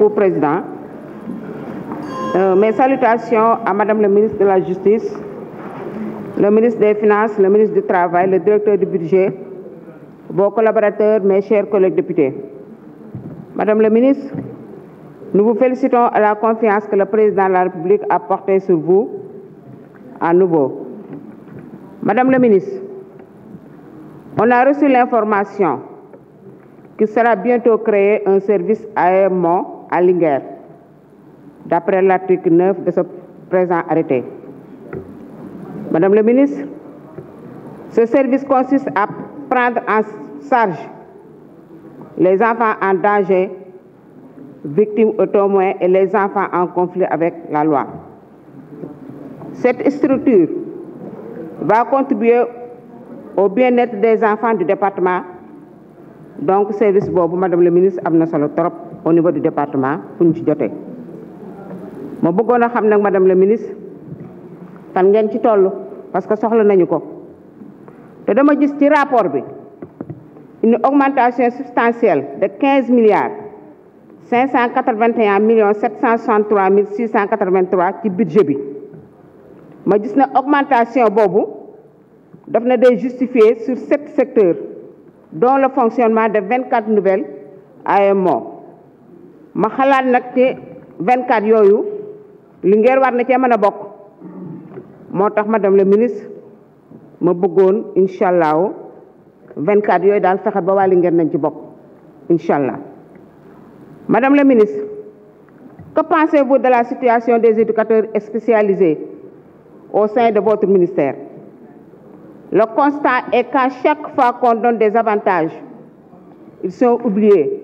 au président. Euh, mes salutations à Madame le ministre de la Justice, le ministre des Finances, le ministre du Travail, le directeur du budget, vos collaborateurs, mes chers collègues députés. Madame la ministre, nous vous félicitons à la confiance que le président de la République a portée sur vous à nouveau. Madame la ministre, on a reçu l'information qu'il sera bientôt créé un service aérien à d'après l'article 9 de ce présent arrêté. Madame le ministre, ce service consiste à prendre en charge les enfants en danger, victimes automoins et les enfants en conflit avec la loi. Cette structure va contribuer au bien-être des enfants du département. Donc, service Bob, Madame le ministre, Abna au niveau du département pour nous aider. Je ma madame la ministre fan ngeen ci parce que soxla nañu ko te dama gis ci rapport une augmentation substantielle de 15 milliards 581 millions 763 budget bi ma augmentation qui daf na justifiée sur sept secteurs dont le fonctionnement de 24 nouvelles AMO ma xalaat nag ci 24 yooyu Linguère war na cee mën a bokk moo tax madame le ministre ma bëggoon incha allahu 24 yooyu daal fexe ba waa Linguère nañ ci bokk incha allah madame le ministre que pensez-vous de la situation des éducateurs spécialisés au sein de votre ministère le constat est qu'à chaque fois qu'on donne des avantages ils sont oubliés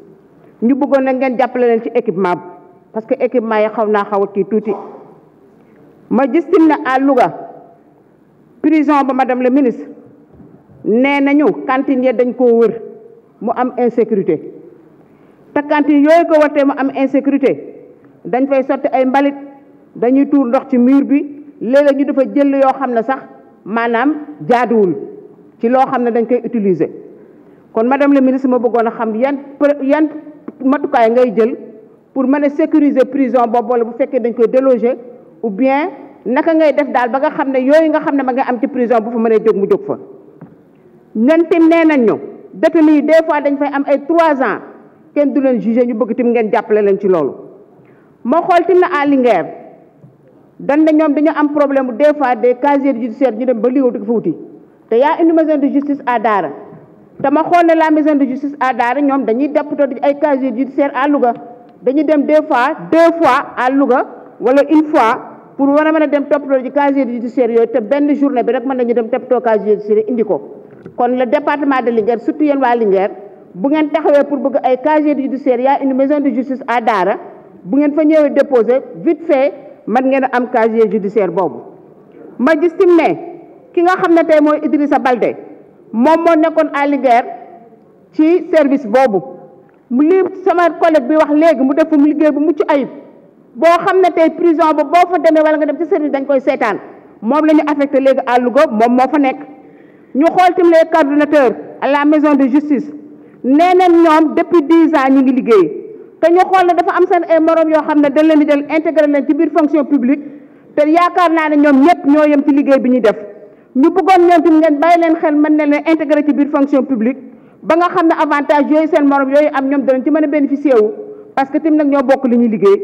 ñu bëggoon nag ngeen jàppale leen ci équipement parce que équipement yi xaw naa xaw a kii tuuti ma gis ne à Louga prison ba madame la ministre nee nañu cantine ya dañ koo wër mu am insécurité te cantine yooyu ko wërtee mu am insécurité dañ fay sotti ay mbalit dañuy tuur ndox ci mur bi léeg-léeg ñu dafa jël yoo xam ne sax maanaam jaaduwul ci loo xam ne dañ koy utiliser kon madame la ministre ma bëggoon a xam yan yan matukaay ngay jël pour mën a sécuriser prison boo boole bu fekkee dañ koy déloger ou bien naka ngay def daal ba nga xam ne yooyu nga xam ne ma nga am ci prison bu fa mën a jóg mu jóg fa ñun tim nee nañ ñu détenus yi des fois dañ fay am ay trois ans kenn du leen jugé ñu bëgg tim ngeen jàppale leen ci loolu ma xool tim na à Linguère dañ ne ñoom ñu am problème bu des fois des casiers judiciaires ñu dem ba liggéey di ko fa wuti te y a une de justice à Dara dama xool ne la maison de justice à Daara ñoom dañuy toppatoo di ay casier judiciaire à Louga dañuy dem deux fois deux fois à Louga wala une fois pour war a mën a dem toppatoo ji casier judiciaire yooyu te benn journée bi rek mën nañu dem toppatoo casier judiciaire indi ko kon le département de Linguère surtout yéen waa Linguère bu ngeen taxawee pour bëgg ay casier judiciaire yaa une maison de justice à Daara bu ngeen fa ñëwee déposé vite fait man ngeen am casier judiciaire boobu ma gis tim ki nga xam ne tey mooy Idrissa Balde moom moo nekkoon à Linguère ci service boobu mu li sama collègue bi wax léegi mu def fa mu liggéey bu mucc ayib boo xam ne tey prison ba boo fa demee wala nga dem ci service dañ koy seetaan moom la ñu affecté léegi à Louga moom moo fa nekk. ñu xool tamit les coordonnateurs à la maison de justice nee na ñoom depuis dix ans ñu ngi liggéey te ñu xool ne dafa am seen ay morom yoo xam ne dañ leen di jël intégré leen ci biir fonction publique te yaakaar naa ne ñoom ñëpp ñoo yem ci liggéey bi ñuy def. ñu bëggoon ñoom tim ngeen bàyyi leen xel mën na leen intégré ci biir fonction publique ba nga xam ne avantage yooyu seen morom yooyu am ñoom danañ ci mën a bénéficier wu parce que tim nag ñoo bokk li ñuy liggéey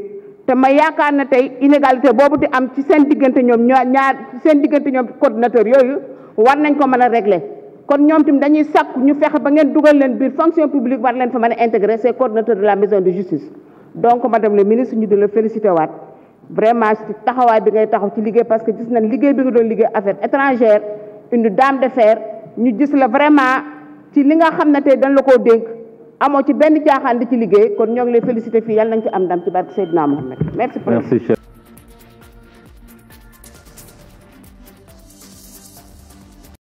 te ma yaakaar na tey inégalité boobu di am ci seen diggante ñoom ñaar ñaar seen diggante ñoom coordinateur yooyu war nañ ko mën a régler kon ñoom tim dañuy sàkk ñu fexe ba ngeen dugal leen biir fonction publique war leen fa mën a intégré ces coordinateurs de la maison de justice donc madame le ministre waat vraiment ci taxawaay bi ngay taxaw ci liggéey parce que gis nañ liggéey bi nga doon liggéey affaire étrangère une dame de fer ñu gis la vraiment ci li nga xam ne te dañ la koo dénk amoo ci benn jaaxaan di ci liggéey kon ñoo ngi lay félicité fii yàlla nañ ci am ndam ci barke Seydina Mohamed merci.